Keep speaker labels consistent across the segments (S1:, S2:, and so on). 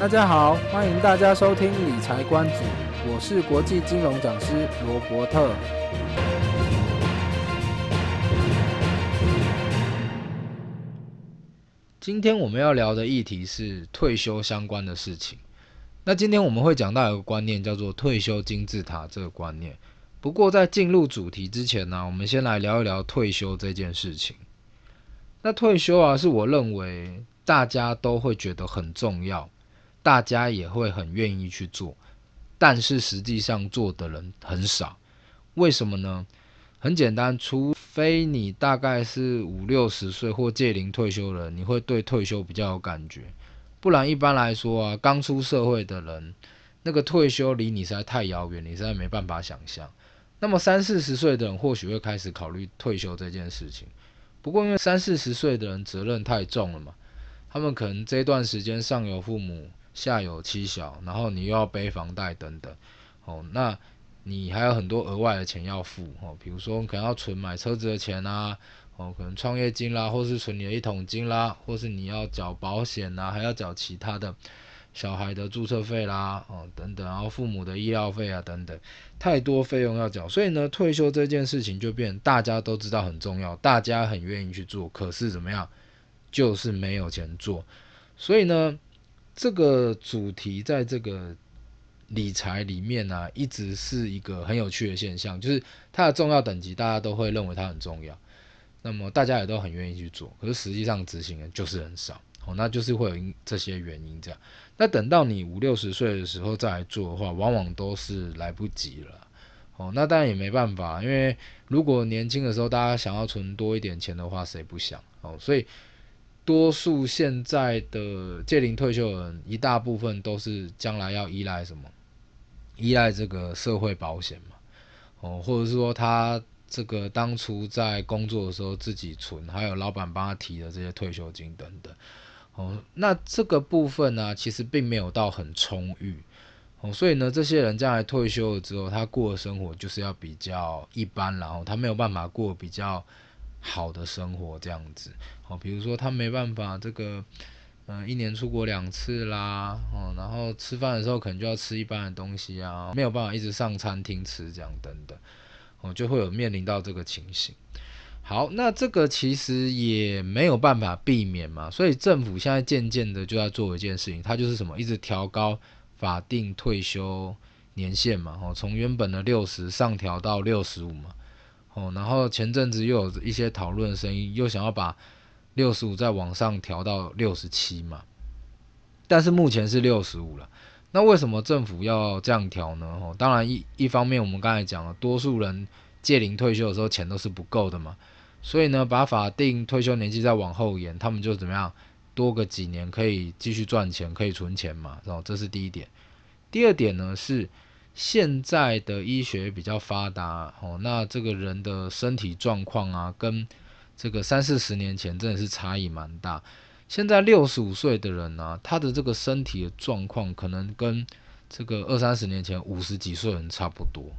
S1: 大家好，歡迎大家收聽理財觀主，我是國際金融講師羅伯特。今天我們要聊的議題是退休相關的事情。那今天我們會講到一個觀念，叫做退休金字塔這個觀念。不過在進入主題之前呢、啊，我們先來聊一聊退休這件事情。那退休啊，是我認為大家都會覺得很重要。大家也會很願意去做，但是實際上做的人很少，為什麼呢？很簡單，除非你大概是五六十歲或屆齡退休的人，你會對退休比較有感覺。不然一般來說啊，剛出社會的人，那個退休離你實在太遙遠，你實在沒辦法想象。那麼三四十歲的人或許會開始考慮退休這件事情，不過因為三四十歲的人責任太重了嘛，他們可能這段時間上有父母。下有妻小，然後你又要背房貸等等，哦，那你還有很多額外的錢要付哦，比如說你可能要存買車子的錢啦、啊，哦，可能創業金啦，或是存你的一桶金啦，或是你要繳保險啦、啊，還要繳其他的，小孩的注冊費啦，哦，等等，然後父母的醫療費啊，等等，太多費用要繳，所以呢，退休這件事情就變大家都知道很重要，大家很願意去做，可是怎麼樣？就是沒有錢做，所以呢。這個主題在這個理財裡面呢、啊，一直是一個很有趣的現象，就是它的重要等級，大家都會認為它很重要，那麼大家也都很願意去做，可是實際上執行人就是很少，哦，那就是會有這些原因這樣。那等到你五六十歲的時候再來做的話，往往都是來不及了，哦，那當然也沒辦法，因為如果年輕的時候大家想要存多一點錢的話，誰不想哦，所以。多數現在的屆齡退休的人，一大部分都是將來要依賴什麼？依賴這個社會保險嘛，哦，或者是說他這個當初在工作的時候自己存，還有老板幫他提的這些退休金等等，哦，那這個部分呢，啊，其實並沒有到很充裕，哦，所以呢，這些人將來退休了之後，他過的生活就是要比較一般，然後他沒有辦法過比較。好的生活這樣子哦，比如說他沒辦法這個，嗯，呃，一年出國兩次啦哦，然後吃飯的時候可能就要吃一般的東西啊，哦，沒有辦法一直上餐廳吃這樣等等，哦，就會有面臨到這個情形。好，那這個其實也沒有辦法避免嘛，所以政府現在漸漸的就在做一件事情，它就是什麼，一直調高法定退休年限嘛，哦，從原本的六十上調到六十五嘛。哦，然後前陣子又有一些討論聲音，又想要把六十五再往上調到六十七嘛，但是目前是六十五了。那為什麼政府要這樣調呢？哦，當然一一方面，我們剛才講了，多數人屆齡退休的時候錢都是不夠的嘛，所以呢，把法定退休年紀再往後延，他們就怎麼樣，多個幾年可以繼續賺錢，可以存錢嘛，這是第一點。第二點呢是。現在的醫學比較發達哦，那這個人的身體狀況啊，跟這個三四十年前真的是差異蠻大。現在六十五歲的人呢啊，他的這個身體的狀況可能跟這個二三十年前五十幾歲人差不多。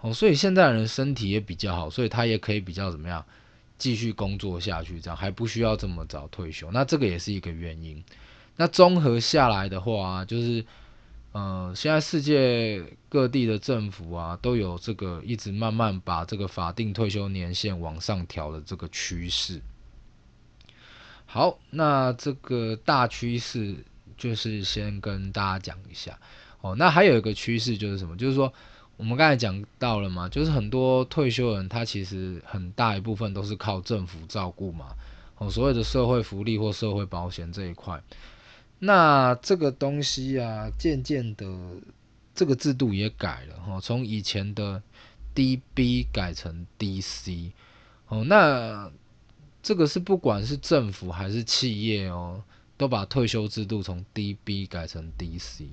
S1: 哦，所以現在人身體也比較好，所以他也可以比較怎麼樣繼續工作下去，這樣還不需要這麼早退休。那這個也是一個原因。那綜合下來的話啊，就是。嗯、呃，現在世界各地的政府啊，都有這個一直慢慢把這個法定退休年限往上調的這個趨勢。好，那這個大趨勢就是先跟大家講一下哦。那還有一個趨勢就是什麼？就是說我們剛才講到了嘛，就是很多退休人他其實很大一部分都是靠政府照顧嘛，哦，所謂的社會福利或社會保險這一塊。那這個東西啊，漸漸的，這個制度也改了哈，從以前的 DB 改成 DC，哦，那這個是不管是政府還是企業哦，都把退休制度從 DB 改成 DC，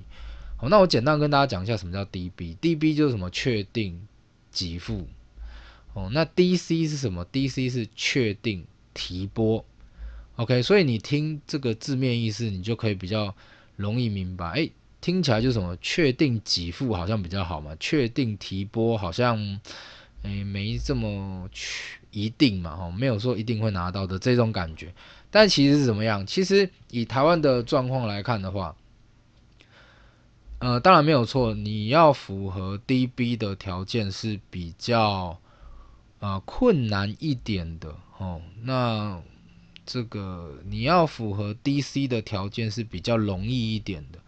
S1: 那我簡單跟大家講一下什麼叫 DB，DB DB 就是什麼確定給付，哦，那 DC 是什麼？DC 是確定提撥。OK，所以你聽這個字面意思，你就可以比較容易明白。哎、欸，聽起來就是什麼確定給付好像比較好嘛，確定提撥好像、欸、沒這麼一定嘛，哦，沒有說一定會拿到的這種感覺。但其實是怎麼樣？其實以台灣的狀況來看的話，呃，當然沒有錯，你要符合 DB 的條件是比較啊、呃、困難一點的哦。那這個你要符合 DC 的條件是比較容易一點的，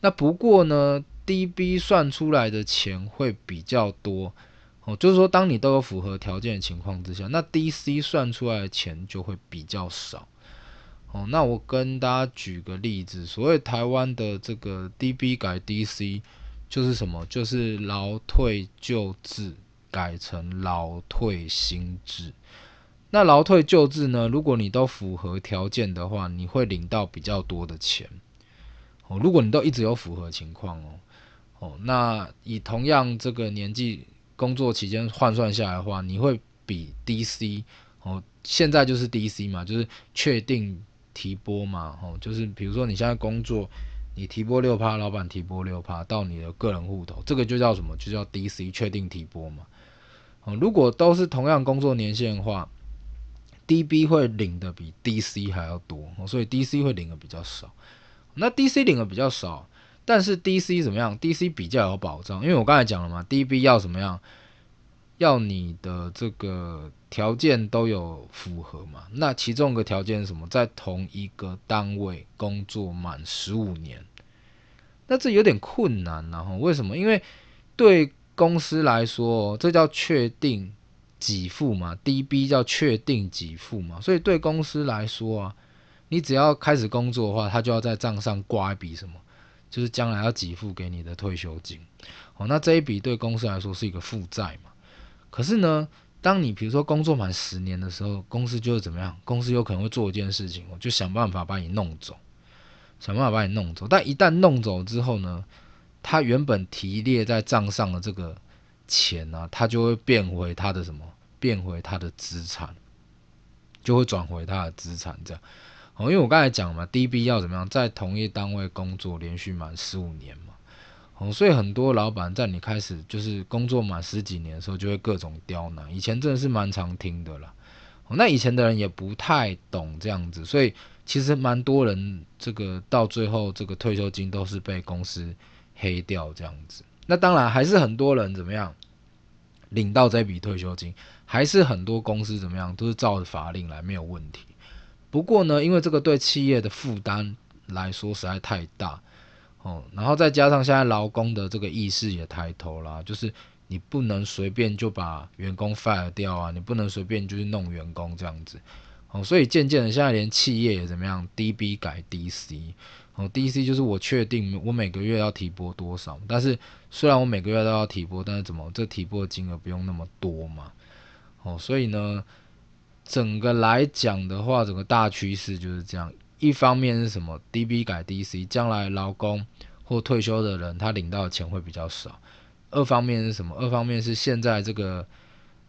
S1: 那不過呢，DB 算出來的錢會比較多哦，就是說當你都有符合條件的情況之下，那 DC 算出來的錢就會比較少哦。那我跟大家舉個例子，所謂台灣的這個 DB 改 DC 就是什麼？就是勞退舊制改成勞退新制。那勞退舊制呢？如果你都符合條件的話，你會領到比較多的錢哦。如果你都一直有符合情況哦，哦，那以同樣這個年紀工作期間換算下來的話，你會比 DC 哦，現在就是 DC 嘛，就是確定提撥嘛，哦，就是比如說你現在工作，你提撥六趴，老闆提撥六趴到你的個人戶頭，這個就叫什麼？就叫 DC 確定提撥嘛，哦。如果都是同樣工作年限的話。DB 會領的比 DC 還要多，所以 DC 會領的比較少。那 DC 領的比較少，但是 DC 怎麼樣？DC 比較有保障，因為我剛才講了嘛，DB 要怎麼樣？要你的這個條件都有符合嘛？那其中一個條件是什麼？在同一個單位工作滿十五年。那這有點困難啊，然後為什麼？因為對公司來說，這叫確定給付嘛，DB 叫確定給付嘛，所以對公司來說啊，你只要開始工作的話，他就要在賬上掛一筆什麼，就是將來要給付給你的退休金。哦，那這一筆對公司來說是一個負債嘛。可是呢，當你比如說工作滿十年的時候，公司就是怎麼樣？公司有可能會做一件事情，我就想辦法把你弄走，想辦法把你弄走。但一旦弄走之後呢，他原本提列在賬上的這個。錢呢、啊，他就會變回他的什麼？變回他的資產，就會轉回他的資產這樣。哦，因為我剛才講嘛，DB 要怎麼樣，在同一單位工作連續滿十五年嘛。哦、嗯，所以很多老板在你開始就是工作滿十幾年的時候，就會各種刁難。以前真的是蠻常聽的啦。哦、嗯，那以前的人也不太懂這樣子，所以其實蠻多人這個到最後這個退休金都是被公司黑掉這樣子。那當然還是很多人怎麼樣？領到這筆退休金，還是很多公司怎麼樣，都是照着法令來，沒有問題。不過呢，因為這個對企業的負擔來說實在太大，哦、嗯，然後再加上現在勞工的這個意識也抬頭啦，就是你不能隨便就把員工 fire 掉啊，你不能隨便就是弄員工這樣子，哦、嗯，所以漸漸的現在連企業也怎麼樣，DB 改 DC。哦，DC 就是我確定我每個月要提撥多少，但是雖然我每個月都要提撥，但是怎麼這提撥金額不用那麼多嘛？哦，所以呢，整個來講的話，整個大趨勢就是這樣。一方面是什麼？DB 改 DC，將來勞工或退休的人他領到的錢會比較少。二方面是什麼？二方面是現在這個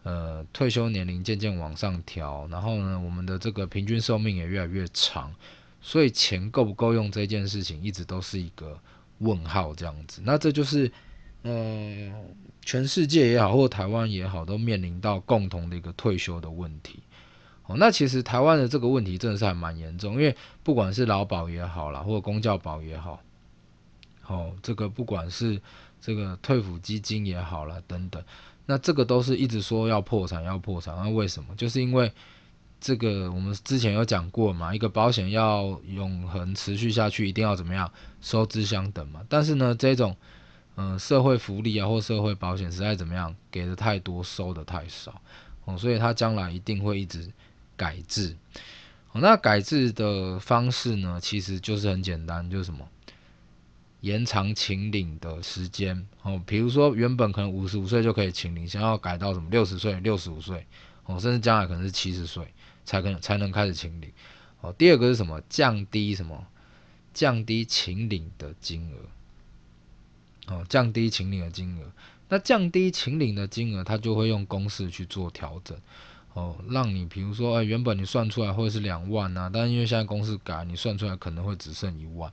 S1: 呃退休年齡漸漸往上調，然後呢，我們的這個平均壽命也越來越長。所以錢夠不夠用這件事情一直都是一個問號這樣子。那這就是，嗯，全世界也好，或台灣也好，都面臨到共同的一個退休的問題。哦，那其實台灣的這個問題真的是還蠻嚴重，因為不管是勞保也好啦，或公教保也好，好、哦、這個不管是這個退撫基金也好啦等等，那這個都是一直說要破產要破產，那為什麼？就是因為。這個我們之前有講過嘛，一個保險要永恆持續下去，一定要怎麼樣，收支相等嘛。但是呢，這種嗯、呃、社會福利啊或社會保險實在怎麼樣，給的太多，收的太少，哦，所以他將來一定會一直改制。哦，那改制的方式呢，其實就是很簡單，就是什麼，延長請領的時間。哦，比如說原本可能五十五歲就可以請領，想要改到什麼六十歲、六十五歲，哦，甚至將來可能是七十歲。才可能才能開始請領哦，第二個是什麼？降低什麼？降低請領的金額，哦，降低請領的金額。那降低請領的金額，它就會用公式去做調整，哦，讓你比如說，哎、欸，原本你算出來會是兩萬啊，但是因為現在公式改，你算出來可能會只剩一萬，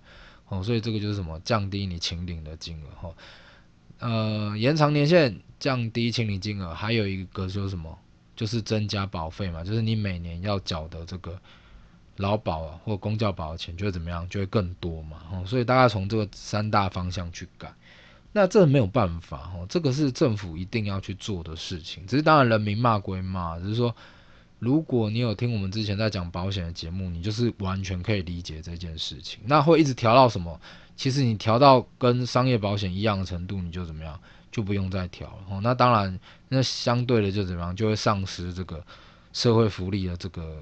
S1: 哦，所以這個就是什麼？降低你請領的金額，哈、哦，呃，延長年限，降低請領金額，還有一個就是什麼？就是增加保費嘛，就是你每年要繳的這個勞保啊，或公教保的錢就會怎麼樣，就會更多嘛。哦，所以大概從這個三大方向去改，那這沒有辦法哦，這個是政府一定要去做的事情。只是當然人民罵歸罵，只、就是說如果你有聽我們之前在講保險的節目，你就是完全可以理解這件事情。那會一直調到什麼？其實你調到跟商業保險一樣的程度，你就怎麼樣？就不用再調了哦。那當然，那相對的就怎麼樣，就會喪失這個社會福利的這個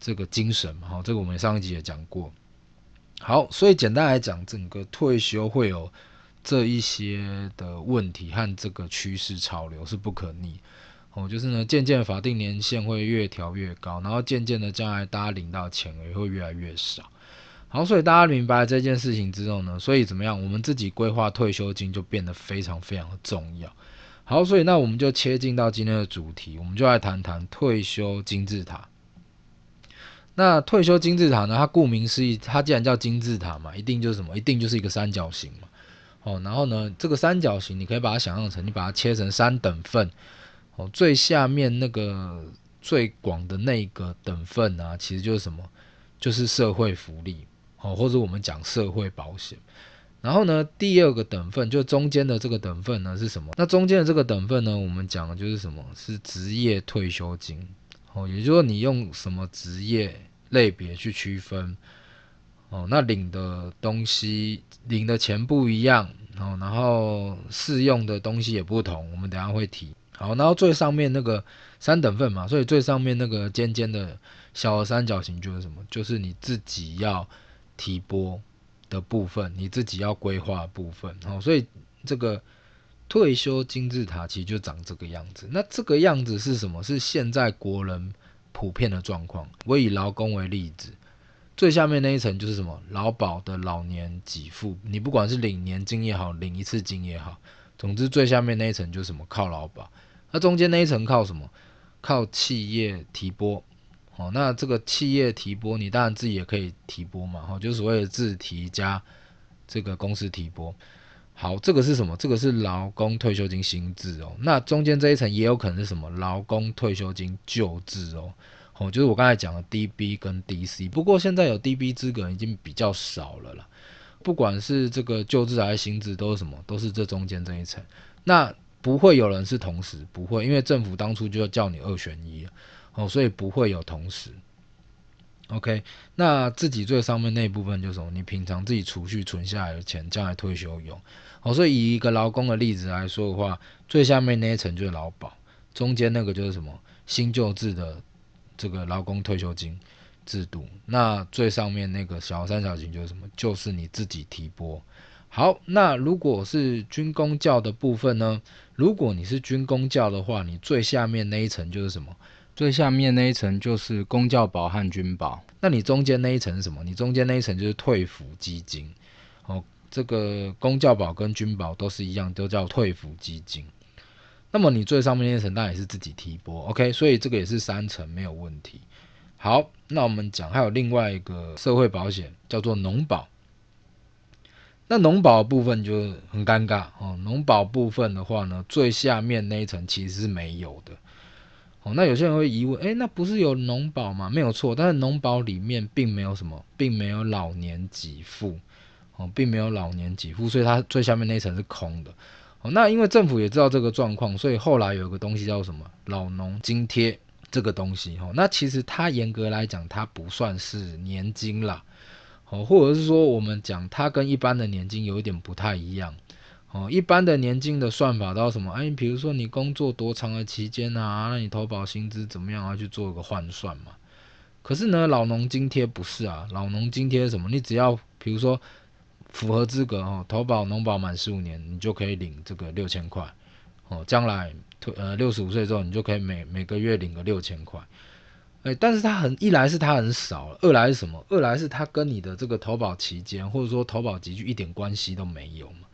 S1: 這個精神嘛。哦，這個我們上一集也講過。好，所以簡單來講，整個退休會有這一些的問題和這個趨勢潮流是不可逆哦。就是呢，漸漸法定年限會越調越高，然後漸漸的將來大家領到錢也會越來越少。好，所以大家明白了這件事情之後呢，所以怎麼樣？我們自己規劃退休金就變得非常非常的重要。好，所以那我們就切進到今天的主題，我們就來談談退休金字塔。那退休金字塔呢，它顧名思義，它既然叫金字塔嘛，一定就是什麼？一定就是一個三角形嘛。哦，然後呢，這個三角形你可以把它想象成，你把它切成三等份。哦，最下面那個最廣的那個等份啊，其實就是什麼？就是社會福利。哦，或者我們講社會保險，然後呢，第二個等份就中間的這個等份呢是什麼？那中間的這個等份呢，我們講的就是什麼，是職業退休金哦，也就是說，你用什麼職業類別去區分哦，那領的東西、領的錢不一樣哦，然後適用的東西也不同，我們等一下會提。好，然後最上面那個三等份嘛，所以最上面那個尖尖的小三角形就是什麼？就是你自己要。提撥的部分，你自己要規劃部分，好，所以這個退休金字塔其實就長這個樣子。那這個樣子是什麼？是現在國人普遍的狀況。我以勞工為例子，最下面那一層就是什麼？勞保的老年給付，你不管是領年金也好，領一次金也好，總之最下面那一層就是什麼？靠勞保。那中間那一層靠什麼？靠企業提撥。哦，那這個企業提撥你當然自己也可以提撥嘛，吼、哦，就是所謂的自提加這個公司提撥。好，這個是什麼？這個是勞工退休金新制哦。那中間這一層也有可能是什麼？勞工退休金舊制哦，好、哦、就是我剛才講的 DB 跟 DC。不過現在有 DB 資格已經比較少了啦，不管是這個舊制還是新制，都是什麼？都是這中間這一層。那不會有人是同時，不會，因為政府當初就叫你二選一。哦，所以不會有同時，OK，那自己最上面那部分就是什麼？你平常自己儲蓄存下來的錢，將來退休用。哦，所以以一個勞工的例子來說的話，最下面那一層就是勞保，中間那個就是什麼？新舊制的這個勞工退休金制度，那最上面那個小三角形就是什麼？就是你自己提撥。好，那如果是軍公教的部分呢？如果你是軍公教的話，你最下面那一層就是什麼？最下面那一層就是公教保和軍保，那你中間那一層是什麼？你中間那一層就是退撫基金，哦，這個公教保跟軍保都是一樣，都叫退撫基金。那麼你最上面那層，當然也是自己提撥，OK？所以這個也是三層，沒有問題。好，那我們講還有另外一個社會保險叫做農保，那農保的部分就很尷尬哦，農保部分的話呢，最下面那一層其實是沒有的。哦，那有些人會疑問，哎、欸，那不是有農保嗎？沒有錯，但是農保裡面並沒有什麼，並沒有老年給付，哦，並沒有老年給付，所以它最下面那層是空的。哦，那因為政府也知道這個狀況，所以後來有一個東西叫什麼老農津貼，這個東西，哦，那其實它嚴格來講，它不算是年金啦。哦，或者是說我們講它跟一般的年金有一點不太一樣。哦，一般的年金的算法都是什麼？哎，比如說你工作多長的期間啊，那你投保薪資怎麼樣啊去做一個換算嘛？可是呢，老農津貼不是啊，老農津貼什麼？你只要比如說符合資格哦，投保農保滿十五年，你就可以領這個六千塊哦，將來退呃六十五歲之後，你就可以每每個月領個六千塊。哎，但是它很一來是它很少，二來是什麼？二來是它跟你的這個投保期間或者說投保級距一點關係都沒有嘛。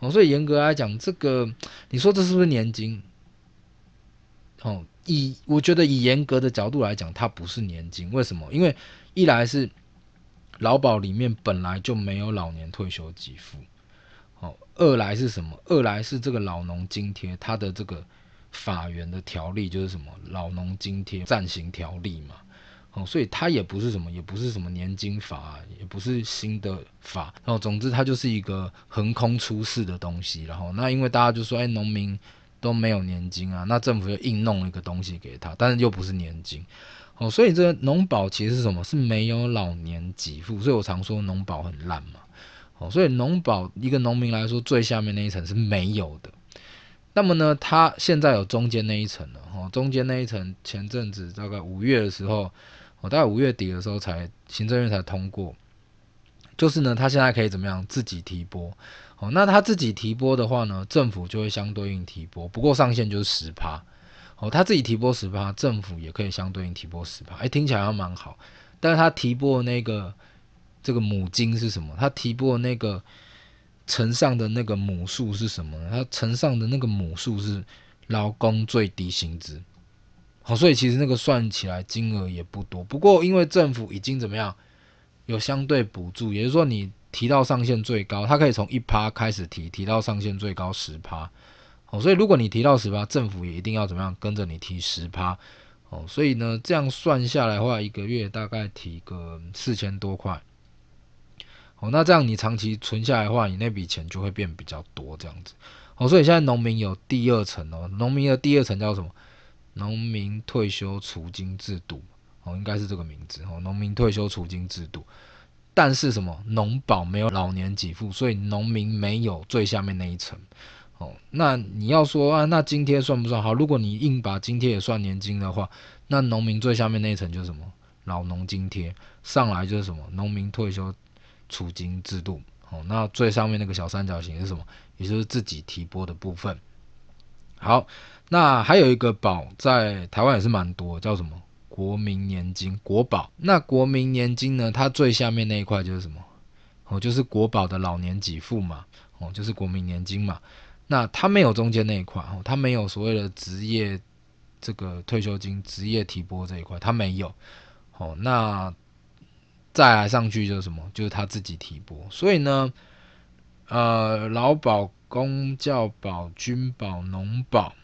S1: 哦，所以嚴格來講，這個你說這是不是年金？哦，以我覺得以嚴格的角度來講，它不是年金。為什麼？因為一來是勞保裡面本來就沒有老年退休給付，哦，二來是什麼？二來是這個老農津貼，它的這個法源的條例就是什麼？老農津貼暫行條例嘛。哦，所以它也不是什麼，也不是什麼年金法啊，也不是新的法，然後，哦，總之它就是一個橫空出世的東西，然後那因為大家就說，哎，農民都沒有年金啊，那政府又硬弄了一個東西給他，但是又不是年金，哦，所以這農保其實是什麼？是沒有老年給付，所以我常說農保很爛嘛，哦，所以農保一個農民來說，最下面那一層是沒有的，那麼呢，它現在有中間那一層了，哦，中間那一層前陣子大概五月的時候。我大概五月底的時候才行政院才通過，就是呢，他現在可以怎麼樣自己提撥？哦，那他自己提撥的話呢，政府就會相對應提撥，不過上限就是十趴。哦，他自己提撥十趴，政府也可以相對應提撥十趴。哎、欸，聽起來還蠻好，但是他提撥那個這個母金是什麼？他提撥那個乘上的那個母數是什麼？他乘上的那個母數是勞工最低薪資。哦，所以其實那個算起來金額也不多，不過因為政府已經怎麼樣有相對補助，也就是說你提到上限最高，他可以從一趴開始提，提到上限最高十趴。哦，所以如果你提到十趴，政府也一定要怎麼樣跟着你提十趴。哦，所以呢，這樣算下來的話，一個月大概提個四千多塊。哦，那這樣你長期存下來的話，你那筆錢就會變比較多這樣子。哦，所以現在農民有第二層哦，農民的第二層叫什麼？農民退休儲金制度，哦，應該是這個名字哦。農民退休儲金制度，但是什麼農保沒有老年給付，所以農民沒有最下面那一層，哦。那你要說啊，那津貼算不算？好，如果你硬把津貼也算年金的話，那農民最下面那一層就是什麼老農津貼，上來就是什麼農民退休儲金制度，哦。那最上面那個小三角形是什麼？也就是自己提撥的部分，好。那還有一個保在台灣也是蠻多，叫什麼？國民年金、國保。那國民年金呢？它最下面那一塊就是什麼？哦，就是國保的老年給付嘛。哦，就是國民年金嘛。那它沒有中間那一塊，哦，它沒有所謂的職業這個退休金、職業提撥這一塊，它沒有。哦，那再來上去就是什麼？就是他自己提撥。所以呢，呃，勞保、公教保、軍保、農保。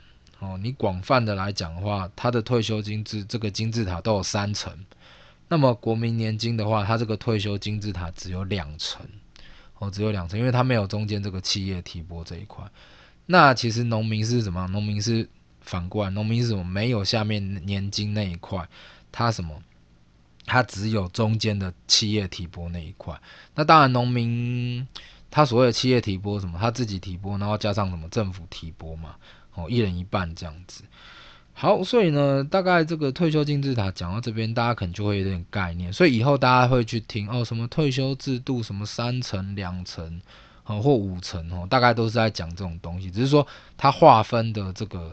S1: 哦，你廣泛的來講的話，他的退休金字這個金字塔都有三層，那麼國民年金的話，它這個退休金字塔只有兩層，哦，只有兩層，因為它沒有中間這個企業提撥這一塊。那其實農民是什麼？農民是反過來，農民是什麼？沒有下面年金那一塊，它什麼？它只有中間的企業提撥那一塊。那當然，農民他所謂的企業提撥什麼？他自己提撥，然後加上什麼政府提撥嘛。哦，一人一半這樣子，好，所以呢，大概這個退休金字塔講到這邊，大家可能就會有點概念，所以以後大家會去聽哦，什麼退休制度，什麼三層、兩層，啊、哦、或五層哦，大概都是在講這種東西，只是說它劃分的這個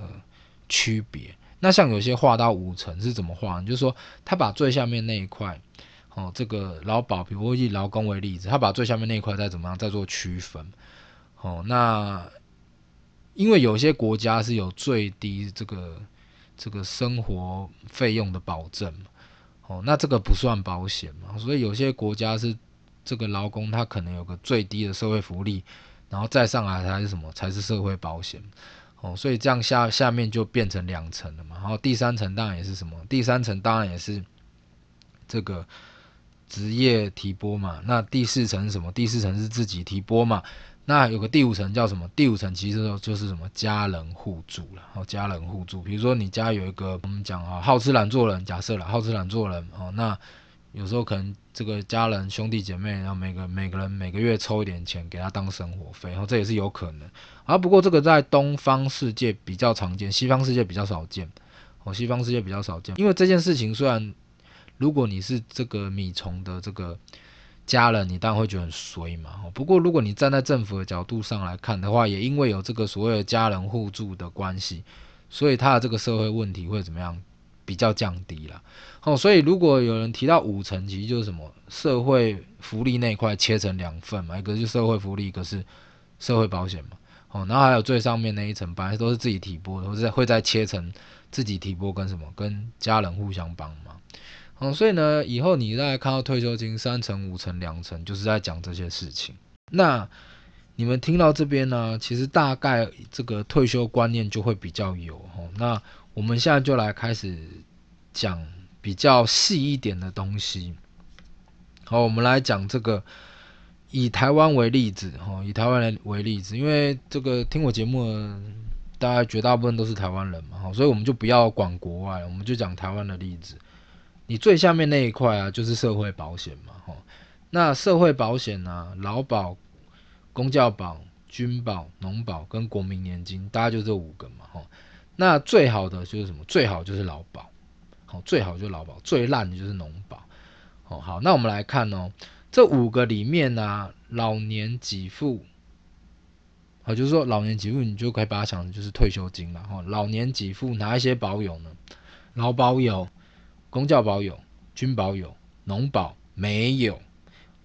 S1: 區別。那像有些劃到五層是怎麼劃呢？就是說，他把最下面那一塊，哦，這個勞保，比如說以勞工為例子，他把最下面那一塊再怎麼樣，再做區分，哦，那。因為有些國家是有最低這個這個生活費用的保證，哦，那這個不算保險嘛？所以有些國家是這個勞工他可能有個最低的社會福利，然後再上來才是什麼？才是社會保險，哦，所以這樣下下面就變成兩層了嘛？然後第三層當然也是什麼？第三層當然也是這個職業提撥嘛？那第四層是什麼？第四層是自己提撥嘛？那有個第五層叫什麼？第五層其實就是什麼家人互助了。哦，家人互助，比如說你家有一個我們講啊，好，好吃懶做人，假設啦，好吃懶做人哦，那有時候可能這個家人兄弟姐妹，然後每個每個人每個月抽一點錢給他當生活費，然後，哦，這也是有可能。啊，不過這個在東方世界比較常見，西方世界比較少見。哦，西方世界比較少見，因為這件事情雖然如果你是這個米蟲的這個。家人，你當然會覺得很衰嘛。不過，如果你站在政府的角度上來看的話，也因為有這個所謂的家人互助的關係，所以他的這個社會問題會怎麼樣比較降低了。哦、嗯，所以如果有人提到五層，其實就是什麼社會福利那一塊切成兩份嘛，一個是社會福利，一個是社會保險嘛。哦、嗯，然後還有最上面那一層本來都是自己提撥的，或者會再切成自己提撥跟什麼跟家人互相幫忙。嗯、所以呢，以後你再看到退休金三層、五層、兩層，就是在講這些事情。那你們聽到這邊呢，其實大概這個退休觀念就會比較有、哦。那我們現在就來開始講比較細一點的東西。好，我們來講這個，以台灣為例子。吼、哦，以台灣人為例子，因為這個聽我節目的大家絕大部分都是台灣人嘛、哦，所以我們就不要管國外，我們就講台灣的例子。你最下面那一塊啊，就是社會保險嘛，齁。那社會保險呢、啊，勞保、公教保、軍保、農保跟國民年金，大概就這五個嘛，齁。那最好的就是什麼？最好就是勞保，齁，最好就是勞保，最爛的就是農保，齁，好。那我們來看哦、喔，這五個裡面呢、啊，老年給付，好，就是說老年給付，你就可以把它想成就是退休金了，齁。老年給付哪一些保有呢？勞保有。公教保有，軍保有，農保沒有，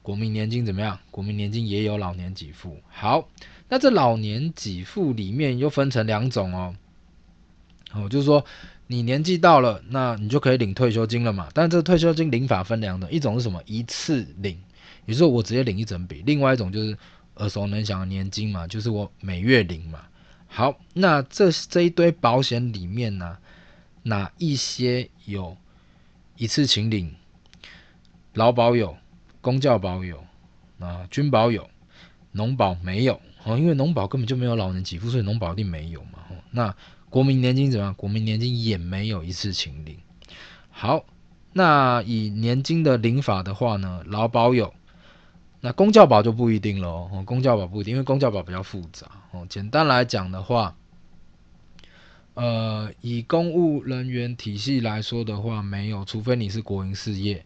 S1: 國民年金怎麼樣？國民年金也有老年給付。好，那這老年給付裡面又分成兩種哦。哦，就是說你年紀到了，那你就可以領退休金了嘛。但是這退休金領法分兩種，一種是什麼？一次領，也就是我直接領一整筆。另外一種就是耳熟能詳的年金嘛，就是我每月領嘛。好，那這這一堆保險裡面呢、啊，哪一些有？一次請領，勞保有，公教保有，啊，軍保有，農保沒有哦，因為農保根本就沒有老人給付，所以農保一定沒有嘛、哦。那國民年金怎麼樣？國民年金也沒有一次請領。好，那以年金的領法的話呢，勞保有，那公教保就不一定哦，公教保不一定，因為公教保比較複雜哦。簡單來講的話。呃，以公務人員體系來說的話，沒有，除非你是國營事業。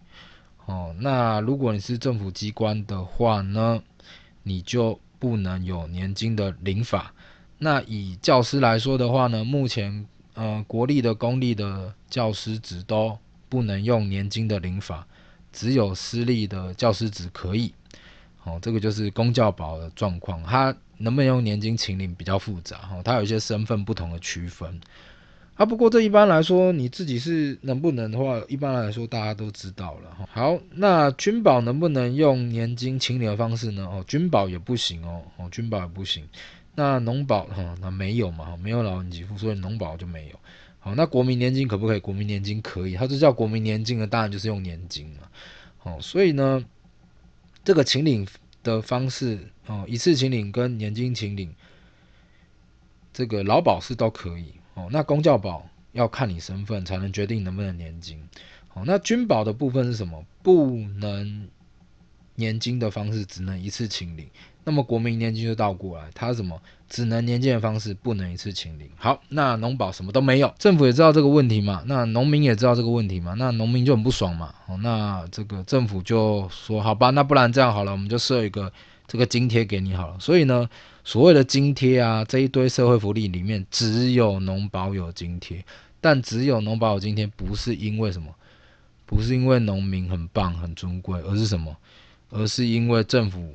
S1: 哦，那如果你是政府機關的話呢，你就不能有年金的領法。那以教師來說的話呢，目前呃，國立的、公立的教師職都不能用年金的領法，只有私立的教師職可以。哦，這個就是公教保的狀況，它能不能用年金請領比較複雜哈、哦，它有一些身份不同的區分啊。不過這一般來說你自己是能不能的話，一般來說大家都知道了、哦、好，那軍保能不能用年金請領的方式呢？哦，軍保也不行哦，哦，軍保也不行。那農保哈，那、哦、沒有嘛，哦、沒有老年給付，所以農保就沒有。好、哦，那國民年金可不可以？國民年金可以，它這叫國民年金的，當然就是用年金了。哦，所以呢。這個請領的方式哦，一次請領跟年金請領，這個勞保是都可以哦。那公教保要看你身份才能決定能不能年金。哦，那軍保的部分是什麼？不能年金的方式，只能一次請領，那麼國民年金就倒過來，它是什麼？只能年金的方式，不能一次清零。好，那農保什麼都沒有，政府也知道這個問題嘛？那農民也知道這個問題嘛？那農民就很不爽嘛，哦，那這個政府就說，好吧，那不然這樣好了，我們就設一個這個津貼給你好了。所以呢，所謂的津貼啊，這一堆社會福利裡面，只有農保有津貼，但只有農保有津貼，不是因為什麼，不是因為農民很棒很尊貴，而是什麼？而是因為政府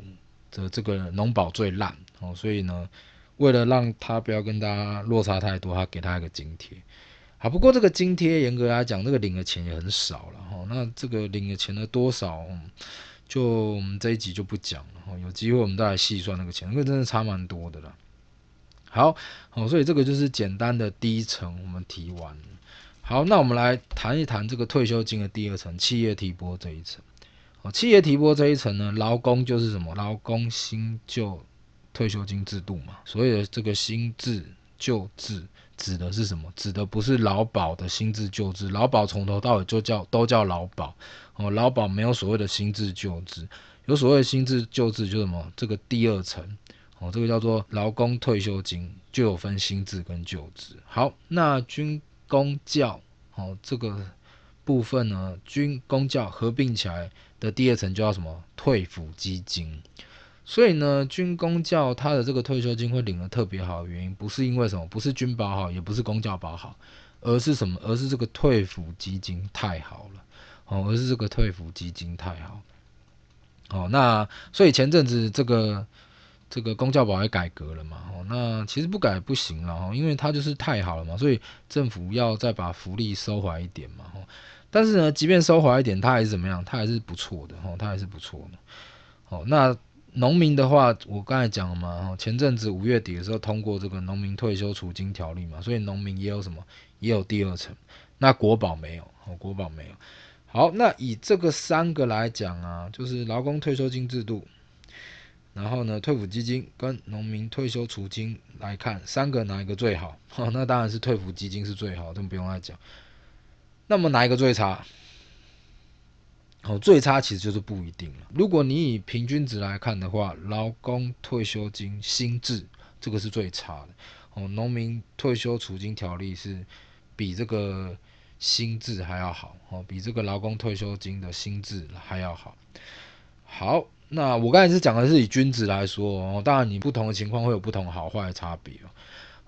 S1: 的這個農保最爛。哦，所以呢？為了讓他不要跟大家落差太多，他給他一個津貼。啊，不過這個津貼嚴格來講，這個領的錢也很少了哈、哦。那這個領的錢的多少，就我們這一集就不講了、哦。有機會我們再來細算那個錢，因為真的差蠻多的啦。好好、哦，所以這個就是簡單的第一層，我們提完。好，那我們來談一談這個退休金的第二層，企業提撥這一層。哦，企業提撥這一層呢，勞工就是什麼？勞工薪就。退休金制度嘛，所以這個新制舊制指的是什麼？指的不是勞保的新制舊制，勞保從頭到尾就叫都叫勞保，哦，勞保沒有所謂的新制舊制，有所謂的新制舊制就是什麼？這個第二層，哦，這個叫做勞工退休金就有分新制跟舊制。好，那軍公教，哦，這個部分呢，軍公教合併起來的第二層叫什麼？退撫基金。所以呢，軍公教他的這個退休金會領得特的特別好的原因，不是因為什麼，不是軍保好，也不是公教保好，而是什麼？而是這個退撫基金太好了，哦，而是這個退撫基金太好了，哦，那所以前陣子這個這個公教保還改革了嘛，哦，那其實不改不行了，哦，因為它就是太好了嘛，所以政府要再把福利收回來一點嘛，哦，但是呢，即便收回來一點，它還是怎麼樣？它還是不錯的，哦，它還是不錯的，哦，那。農民的話，我剛才講了嘛，前陣子五月底的時候通過這個農民退休儲金條例嘛，所以農民也有什麼，也有第二層，那國保沒有，哦，國保沒有。好，那以這個三個來講啊，就是勞工退休金制度，然後呢，退撫基金跟農民退休儲金來看，三個哪一個最好？哦、那當然是退撫基金是最好的，這不用來講。那麼哪一個最差？哦，最差其實就是不一定了。如果你以平均值來看的話，勞工退休金新制這個是最差的。哦，農民退休儲金條例是比這個新制還要好，哦，比這個勞工退休金的新制還要好。好，那我剛才是講的是以均值來說，哦，當然你不同的情況會有不同好壞的差別哦。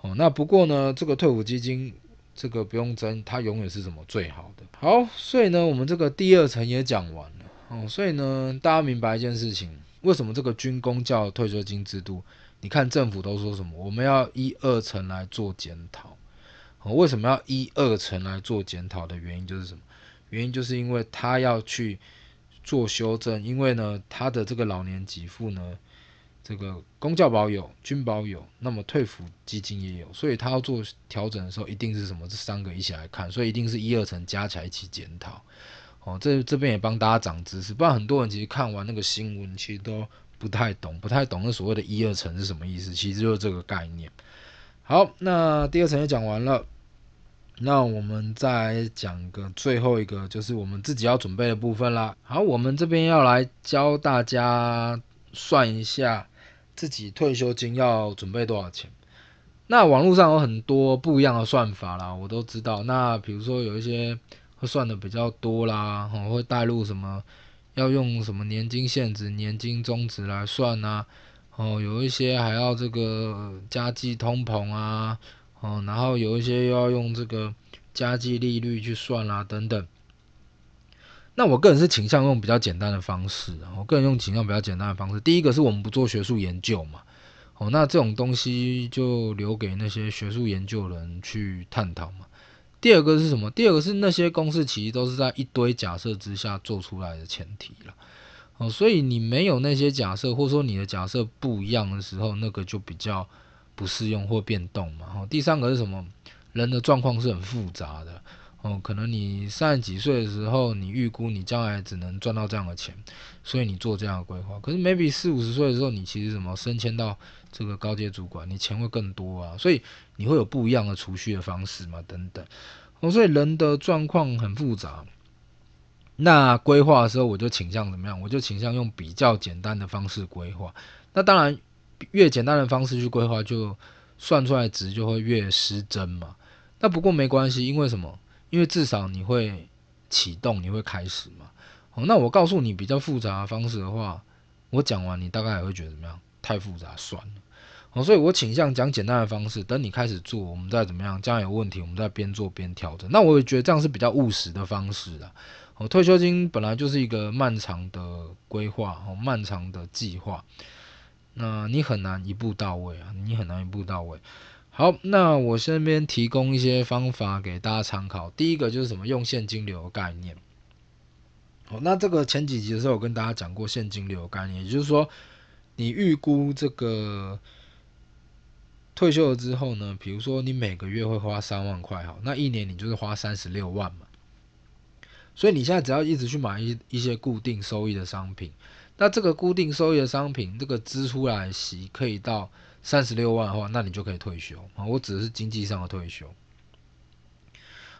S1: 哦，那不過呢，這個退撫基金。這個不用爭，它永遠是什麼最好的。好，所以呢，我們這個第二層也講完了。嗯，所以呢，大家明白一件事情：為什麼這個軍公教退休金制度？你看政府都說什麼？我們要一、二層來做檢討。嗯，為什麼要一、二層來做檢討的原因就是什麼？原因就是因為他要去做修正，因為呢，他的這個老年給付呢。這個公教保有，軍保有，那麼退撫基金也有，所以他要做調整的時候，一定是什麼，這三個一起來看，所以一定是一二層加起來一起檢討。哦，這這邊也幫大家漲知識，不然很多人其實看完那個新聞，其實都不太懂，不太懂那所謂的一二層是什麼意思，其實就是這個概念。好，那第二層也講完了，那我們再來講個最後一個，就是我們自己要準備的部分啦。好，我們這邊要來教大家算一下，自己退休金要準備多少錢？那網絡上有很多不一樣的算法啦，我都知道。那比如說有一些會算得比較多啦，哦，會帶入什麼要用什麼年金現值、年金終值來算啊，哦，有一些還要這個加計通膨啊，哦，然後有一些又要用這個加計利率去算啦，啊，等等。那我個人是傾向用比較簡單的方式啊，我個人用傾向比較簡單的方式。第一個是我們不做學術研究嘛，哦，那這種東西就留給那些學術研究人去探討嘛。第二個是什麼？第二個是那些公式其實都是在一堆假設之下做出來的前提了，哦，所以你沒有那些假設，或者說你的假設不一樣的時候，那個就比較不適用或變動嘛。然後，哦，第三個是什麼？人的狀況是很複雜的。哦，可能你三十幾歲的時候，你預估你將來只能賺到這樣的錢，所以你做這樣的規劃。可是 maybe 四五十歲的時候，你其實什麼升遷到這個高階主管，你錢會更多啊，所以你會有不一樣的儲蓄的方式嘛，等等。哦，所以人的狀況很複雜。那規劃的時候，我就傾向怎麼樣？我就傾向用比較簡單的方式規劃。那當然，越簡單的方式去規劃，就算出來值就會越失真嘛。那不過沒關係，因為什麼？因為至少你會啟動，你會開始嘛。嗯，那我告訴你比較複雜的方式的話，我講完你大概也會覺得怎麼樣？太複雜算了。哦、嗯，所以我傾向講簡單的方式，等你開始做，我們再怎麼樣。將來有問題，我們再邊做邊調整。那我也覺得這樣是比較務實的方式啦。哦、嗯，退休金本來就是一個漫長的規劃，哦、嗯，漫長的計劃。那你很難一步到位啊，你很難一步到位。好，那我先這邊提供一些方法給大家參考。第一個就是什麼？用現金流的概念。好、哦，那這個前幾集的時候我跟大家講過現金流的概念，也就是說，你預估這個退休了之後呢，比如說你每個月會花三萬塊，好，那一年你就是花三十六萬嘛。所以你現在只要一直去買一一些固定收益的商品，那這個固定收益的商品，這個支出來息可以到。三十六萬的話，那你就可以退休啊。我指的是經濟上的退休。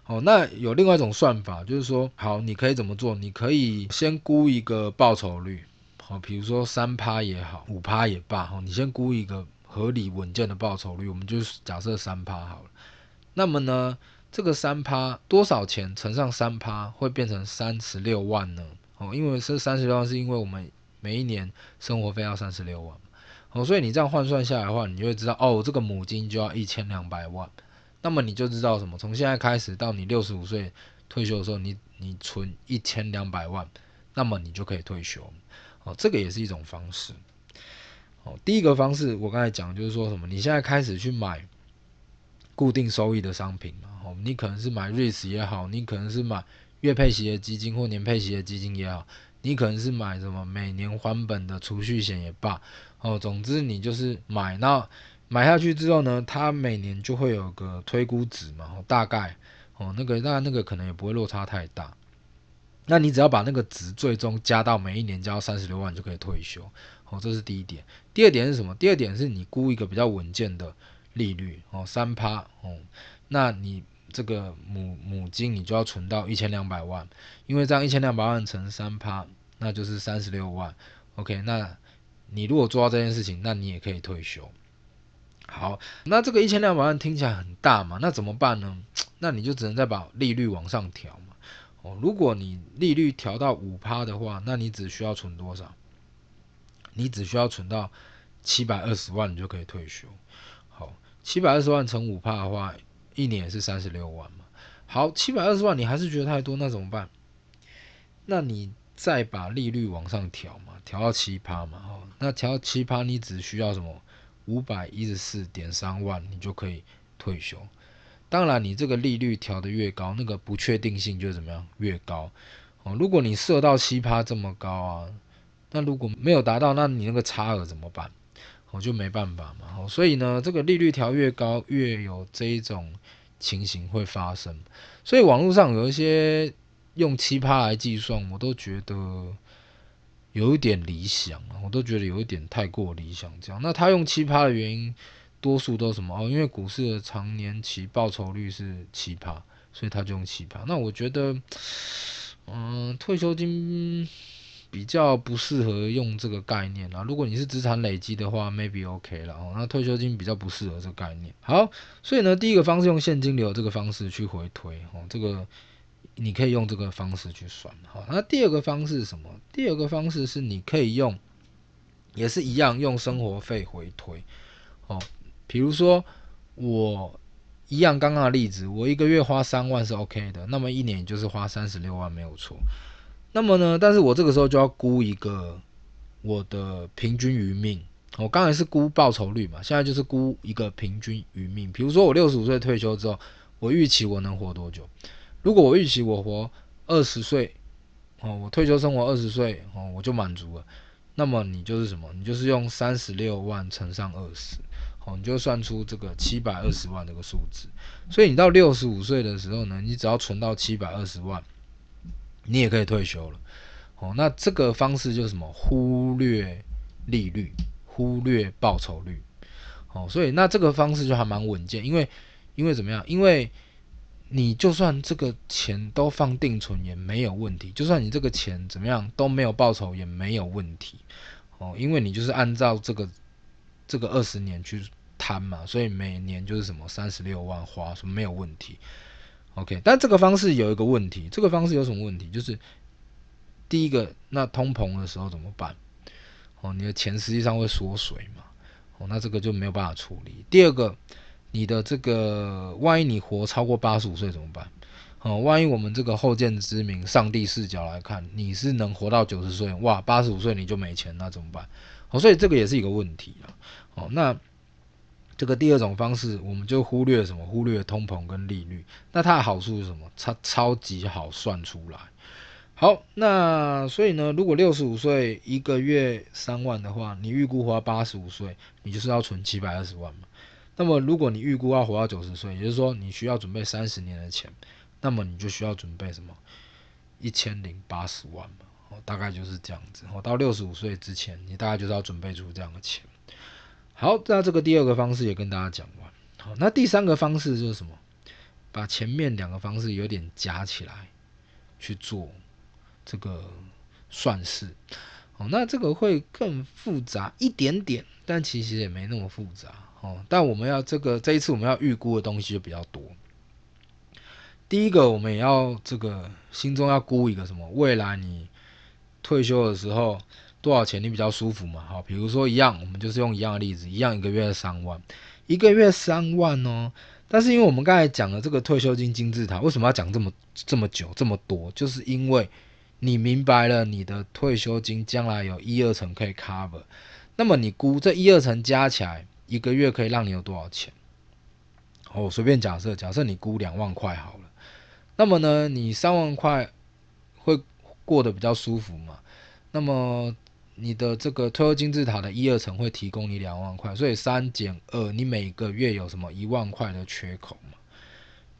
S1: 哦，那有另外一種算法，就是說，好，你可以怎麼做？你可以先估一個報酬率，好，比如說三趴也好，五趴也罷，好，你先估一個合理穩健的報酬率。我們就假設三趴好了。那麼呢，這個三趴多少錢乘上三趴會變成三十六萬呢？哦，因為這三十六萬是因為我們每一年生活費要三十六萬。哦，所以你這樣換算下來的話，你就會知道哦，這個母金就要一千兩百萬。那麼你就知道什麼？從現在開始到你六十五歲退休的時候，你你存一千兩百萬，那麼你就可以退休。哦，這個也是一種方式。哦，第一個方式我剛才講就是說什麼？你現在開始去買固定收益的商品嘛？哦，你可能是買 REITs 也好，你可能是買月配息的基金或年配息的基金也好，你可能是買什麼每年還本的儲蓄險也罷。哦，總之你就是買那買下去之後呢，它每年就會有個推估值嘛，哦，大概哦那個那那個可能也不會落差太大。那你只要把那個值最終加到每一年交三十六萬就可以退休，哦，這是第一點。第二點是什麼？第二點是你估一個比較穩健的利率，哦，三趴，哦，那你這個母母金你就要存到一千兩百萬，因為這樣一千兩百萬乘三趴那就是三十六萬，OK，那。你如果做到這件事情，那你也可以退休。好，那這個一千兩百萬聽起來很大嘛？那怎麼辦呢？那你就只能再把利率往上調嘛。哦，如果你利率調到五趴的話，那你只需要存多少？你只需要存到七百二十萬，你就可以退休。好，七百二十萬乘五趴的話，一年也是三十六萬嘛。好，七百二十萬你還是覺得太多，那怎麼辦？那你。再把利率往上調嘛，調到7趴嘛，那調到7趴，你只需要什麼五百一十四點三萬，你就可以退休。當然，你這個利率調得越高，那個不確定性就怎麼樣越高。哦，如果你設到7趴這麼高啊，那如果沒有達到，那你那個差額怎麼辦？我就沒辦法嘛，所以呢，這個利率調越高，越有這一種情形會發生。所以網絡上有一些。用七趴來計算，我都覺得有一點理想，啊，我都覺得有一點太過理想。這樣，那他用七趴的原因，多數都是什麼哦？因為股市的長年期報酬率是七趴，所以他就用七趴。那我覺得，嗯、呃，退休金比較不適合用這個概念啊。如果你是資產累積的話，maybe OK 了哦。那退休金比較不適合這個概念。好，所以呢，第一個方式用現金流這個方式去回推哦，這個。你可以用這個方式去算好。那第二個方式是什麼？第二個方式是你可以用，也是一樣用生活費回推哦。比如說我一樣剛剛的例子，我一個月花三萬是 OK 的，那麼一年就是花三十六萬沒有錯。那麼呢？但是我這個時候就要估一個我的平均餘命。我剛才是估報酬率嘛，現在就是估一個平均餘命。比如說我六十五歲退休之後，我預期我能活多久？如果我預期我活二十歲，哦，我退休生活二十歲，哦，我就滿足了。那麼你就是什麼？你就是用三十六萬乘上二十，哦，你就算出這個七百二十萬這個數字。所以你到六十五歲的時候呢，你只要存到七百二十萬，你也可以退休了。哦，那這個方式就是什麼？忽略利率，忽略報酬率。哦，所以那這個方式就還蠻穩健，因為因為怎麼樣？因為你就算這個錢都放定存也沒有問題，就算你這個錢怎麼樣都沒有報酬也沒有問題，哦，因為你就是按照這個這個二十年去攤嘛，所以每年就是什麼三十六萬花，什麼沒有問題，OK。但這個方式有一個問題，這個方式有什麼問題？就是第一個，那通膨的時候怎麼辦？哦，你的錢實際上會縮水嘛，哦，那這個就沒有辦法處理。第二個。你的這個，萬一你活超過八十五歲怎麼辦？哦，萬一我們這個後見之明、上帝視角來看，你是能活到九十歲，哇，八十五歲你就沒錢那怎麼辦？哦，所以這個也是一個問題了。哦，那這個第二種方式，我們就忽略什麼？忽略通膨跟利率。那它的好處是什麼？超超級好算出來。好，那所以呢，如果六十五歲一個月三萬的話，你預估活八十五歲，你就是要存七百二十萬嘛。那麼，如果你預估要活到九十歲，也就是說你需要準備三十年的錢，那麼你就需要準備什麼一千零八十萬嘛？哦，大概就是這樣子。哦、到六十五歲之前，你大概就是要準備出這樣的錢。好，那這個第二個方式也跟大家講完。好、哦，那第三個方式就是什麼？把前面兩個方式有點加起來去做這個算式。哦，那這個會更複雜一點點，但其實也沒那麼複雜。哦，但我們要這個這一次我們要預估的東西就比較多。第一個，我們也要這個心中要估一個什麼？未來你退休的時候，多少錢你比較舒服嘛？好，比如說一樣，我們就是用一樣的例子，一樣一個月三萬，一個月三萬哦、喔。但是因為我們剛才講了這個退休金金字塔，為什麼要講這麼這麼久這麼多？就是因為你明白了你的退休金將來有一二層可以 cover，那麼你估這一二層加起來，一個月可以讓你有多少錢？哦，我隨便假設，假設你估兩萬塊好了。那麼呢，你三萬塊會過得比較舒服嘛？那麼你的這個退休金字塔的一二層會提供你兩萬塊，所以三減二，2, 你每個月有什麼一萬塊的缺口嘛？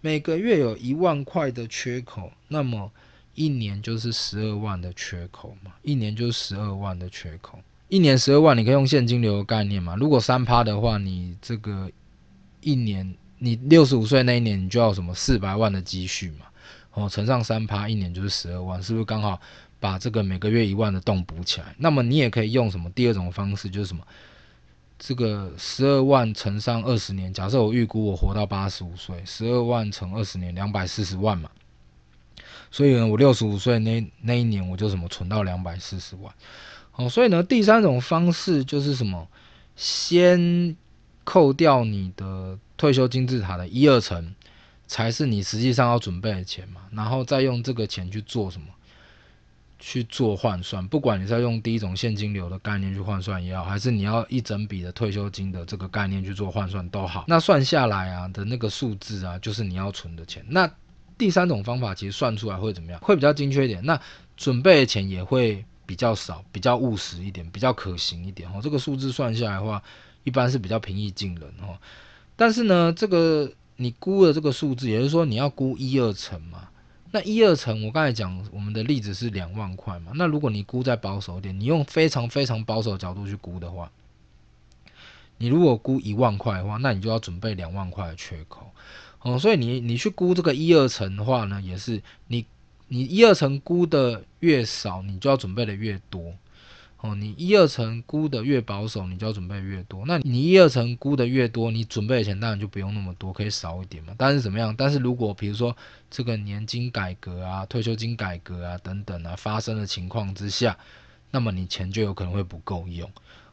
S1: 每個月有一萬塊的缺口，那麼一年就是十二萬的缺口嘛？一年就是十二萬的缺口。一年十二萬，你可以用現金流的概念嘛？如果三趴的話，你這個一年，你六十五歲那一年，你就要什麼四百萬的積蓄嘛？哦，乘上三趴，一年就是十二萬，是不是剛好把這個每個月一萬的洞補起來？那麼你也可以用什麼第二種方式，就是什麼這個十二萬乘上二十年。假設我預估我活到八十五歲，十二萬乘二十年，兩百四十萬嘛。所以呢，我六十五歲那那一年，我就什麼存到兩百四十萬。哦，所以呢，第三種方式就是什麼？先扣掉你的退休金字塔的一二層，才是你實際上要準備的錢嘛，然後再用這個錢去做什麼？去做換算，不管你是要用第一種現金流的概念去換算也好，還是你要一整筆的退休金的這個概念去做換算都好，那算下來啊的那個數字啊，就是你要存的錢。那第三種方法其實算出來會怎麼樣？會比較精確一點，那準備的錢也會。比較少，比較務實一點，比較可行一點哦，這個數字算下來的話，一般是比較平易近人哦，但是呢，這個你估的這個數字，也就是說你要估一二層嘛。那一二層我剛才講我們的例子是兩萬塊嘛。那如果你估再保守一點，你用非常非常保守的角度去估的話，你如果估一萬塊的話，那你就要準備兩萬塊的缺口。哦，所以你你去估這個一二層的話呢，也是你，你一二層估的越少，你就要準備的越多，哦，你一二層估的越保守，你就要準備越多。那你一二層估的越多，你準備的錢當然就不用那麼多，可以少一點嘛。但是怎麼樣？但是如果比如說這個年金改革啊、退休金改革啊等等啊發生的情況之下，那麼你錢就有可能會不夠用，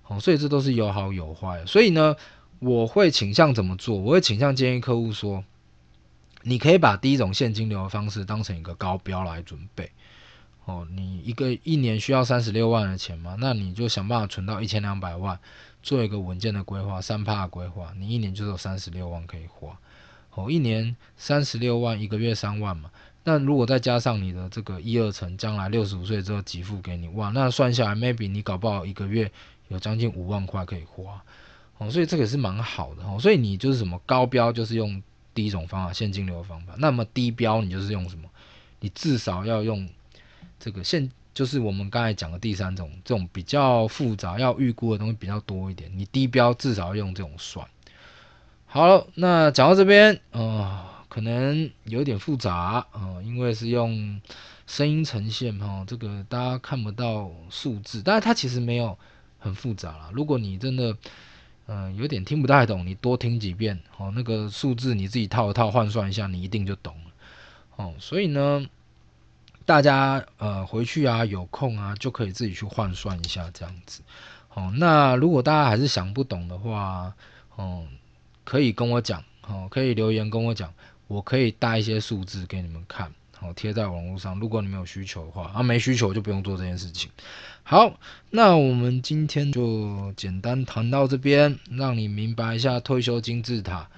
S1: 哦，所以這都是有好有壞。所以呢，我會傾向怎麼做？我會傾向建議客戶說。你可以把第一種現金流的方式當成一個高標來準備，哦，你一個一年需要三十六萬的錢嘛，那你就想辦法存到一千兩百萬，做一個穩健的規劃，三趴的規劃，你一年就是有三十六萬可以花，哦，一年三十六萬，一個月三萬嘛。那如果再加上你的這個一二層將來六十五歲之後給付給你，哇，那算下來 maybe 你搞不好一個月有將近五萬塊可以花，哦，所以這個是蠻好的哦。所以你就是什麼高標，就是用。第一種方法，現金流的方法。那麼低標，你就是用什麼？你至少要用這個現，就是我們剛才講的第三種，這種比較複雜，要預估的東西比較多一點。你低標至少要用這種算。好了，那講到這邊，啊、呃，可能有點複雜啊、呃，因為是用聲音呈現哈，這個大家看不到數字，但是它其實沒有很複雜啦。如果你真的嗯、呃，有點聽不太懂，你多聽幾遍哦。那個數字你自己套一套換算一下，你一定就懂了哦。所以呢，大家呃回去啊，有空啊就可以自己去換算一下這樣子哦。那如果大家還是想不懂的話哦，可以跟我講哦，可以留言跟我講，我可以帶一些數字給你們看。貼在網絡上，如果你沒有需求的話，啊，沒需求就不用做這件事情。好，那我們今天就簡單談到這邊，讓你明白一下退休金字塔，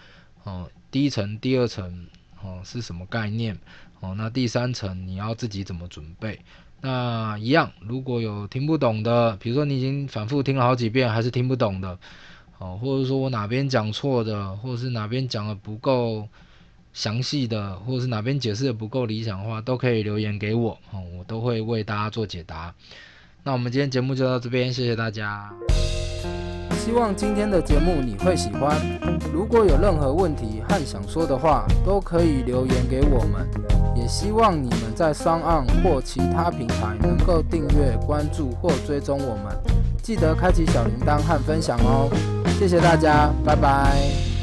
S1: 哦，第一層、第二層，哦，是什麼概念？哦，那第三層你要自己怎麼準備。那一樣，如果有聽不懂的，比如說你已經反覆聽了好幾遍還是聽不懂的，哦，或者說我哪邊講錯的，或者是哪邊講的不夠。詳細的，或者是哪邊解釋的不夠理想的話，都可以留言給我，嗯，我都會為大家做解答。那我們今天節目就到這邊，謝謝大家。希望今天的節目你會喜歡。如果有任何問題和想說的話，都可以留言給我們。也希望你們在 SoundOn 或其他平台能夠訂閱、關注或追蹤我們，記得開啟小鈴鐺和分享哦。謝謝大家，拜拜。